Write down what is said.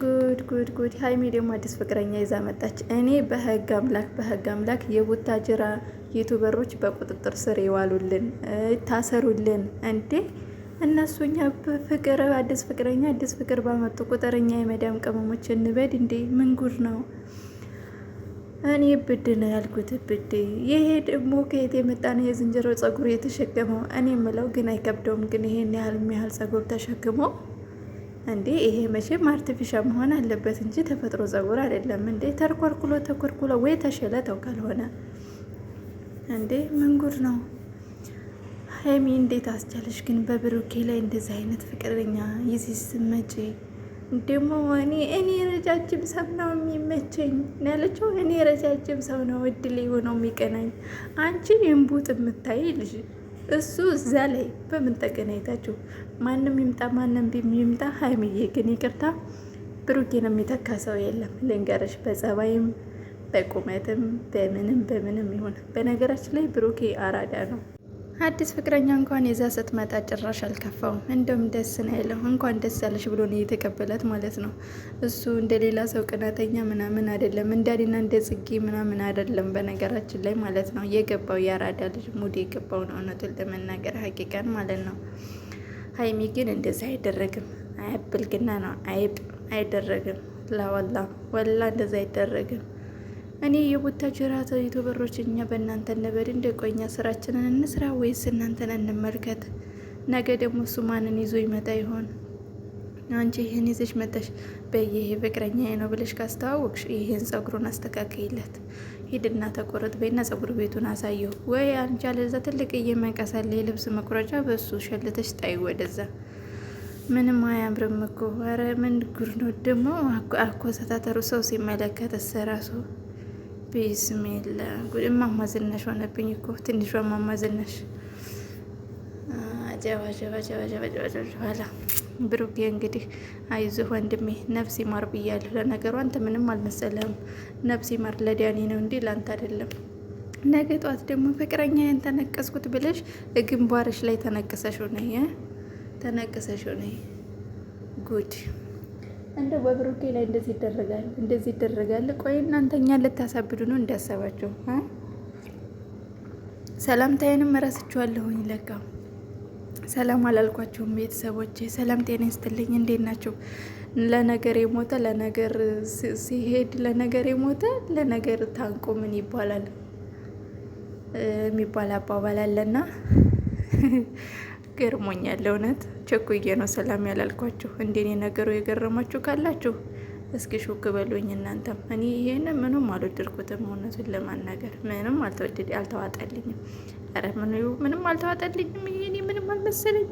ጉድ ጉድ ጉድ! ሀይሚ ደግሞ አዲስ ፍቅረኛ ይዛ መጣች። እኔ በህግ አምላክ በህግ አምላክ የቡታጅራ ዩቱበሮች በቁጥጥር ስር ይዋሉልን፣ ታሰሩልን። እንዴ እነሱ እኛ ፍቅር አዲስ ፍቅረኛ አዲስ ፍቅር ባመጡ ቁጥር እኛ የመዳም ቅመሞች እንበድ እንዴ? ምን ጉድ ነው? እኔ ብድ ነው ያልኩት ብድ። ይሄ ደግሞ ከየት የመጣ ነው? የዝንጀሮ ጸጉር የተሸከመው እኔ ምለው ግን አይከብደውም። ግን ይሄን ያህል የሚያህል ጸጉር ተሸክሞ እንዴ ይሄ መቼም አርቲፊሻ መሆን አለበት እንጂ ተፈጥሮ ጸጉር አይደለም። እንዴ ተርኮርኩሎ ተኮርኩሎ ወይ ተሸለተው ካልሆነ እንዴ ምን ነው? ሀይሚ እንዴት አስቻለሽ ግን በብሩኬ ላይ እንደዚህ አይነት ፍቅረኛ ይዘሽ ስትመጪ? ደግሞ እኔ እኔ ረጃጅም ሰው ነው የሚመቸኝ ያለችው። እኔ ረጃጅም ሰው ነው እድል የሆነው የሚቀናኝ አንቺ እምቡጥ የምታይ ልጅ እሱ እዛ ላይ በምን ተገናኝታችሁ? ማንም ይምጣ ማንም ይምጣ፣ ሀይሚዬ ግን ይቅርታ ብሩኬን የሚተካ ሰው የለም። ልንገርሽ፣ በጸባይም በቁመትም በምንም በምንም ይሆን። በነገራችን ላይ ብሩኬ አራዳ ነው። አዲስ ፍቅረኛ እንኳን የዛ ስትመጣ ጭራሽ አልከፋውም። እንደውም ደስ ነው ያለው። እንኳን ደስ ያለሽ ብሎ ነው የተቀበላት ማለት ነው። እሱ እንደ ሌላ ሰው ቅናተኛ ምናምን አይደለም፣ እንዳዲና እንደ ጽጌ ምናምን አይደለም። በነገራችን ላይ ማለት ነው የገባው የአራዳ ልጅ ሙድ የገባው ነው፣ እውነቱን ለመናገር ሀቂቃን ማለት ነው። ሀይሚ ግን እንደዚህ አይደረግም። አያብልግና ነው አይብ አይደረግም። ላወላ ወላ እንደዛ አይደረግም። እኔ የቦታ ጅራት ዩቱበሮች እኛ በእናንተ እንበድ እንደ ቆኛ ስራችንን እንስራ ወይስ እናንተን እንመልከት? ነገ ደግሞ እሱ ማንን ይዞ ይመጣ ይሆን? አንቺ ይህን ይዘሽ መጠሽ በይሄ ፍቅረኛ ነው ብለሽ ካስተዋወቅሽ ይህን ጸጉሩን አስተካከይለት፣ ሂድና ተቆረጥ በይና ጸጉር ቤቱን አሳየው። ወይ አንቺ አለዛ ትልቅ መቀሳለ የልብስ መቁረጫ በእሱ ሸልተሽ ጣይ ወደዛ ምንም አያምርም እኮ ኧረ ምን ጉድ ነው ደግሞ አኮሰታተሩ ሰው ሲመለከት ቢስሚላ ጉድ ሆነብኝ እኮ ትንሿ ብሩኬ እንግዲህ አይዞህ ወንድሜ ይማር ብያለሁ። ለነገሩ አንተ ምንም አልመሰለህም። ነፍስ ይማር ለዳኒ ነው እንዲህ ለአንተ አይደለም። ነገ ጠዋት ደግሞ ፍቅረኛ ያን ተነቀስኩት ብለሽ ግንባርሽ ላይ ተነቅሰሽ ሆነ ሆነ ጉድ እንደ በብሩኬ ላይ እንደዚህ ይደረጋል፣ እንደዚህ ይደረጋል። ቆይ እናንተኛ ልታሳብዱ ነው እንዳሰባቸው። ሰላምታዬንም እረስችዋለሁኝ ለካ ሰላም አላልኳችሁም ቤተሰቦች ሰላም ጤና ይስጥልኝ። እንዴት ናቸው? ለነገር የሞተ ለነገር ሲሄድ ለነገር የሞተ ለነገር ታንቆ ምን ይባላል የሚባል አባባል አለና ገርሞኛል። እውነት ቸኩዬ ነው ሰላም ያላልኳችሁ። እንደኔ ነገሩ የገረማችሁ ካላችሁ እስኪ ሹክ በሉኝ እናንተም። እኔ ይሄንን ምንም አልወደድኩትም፣ እውነቱን ለማናገር ምንም አልተወደድ አልተዋጠልኝም። ኧረ ምንም አልተዋጠልኝም። ይሄኔ ምንም አልመሰለኝ።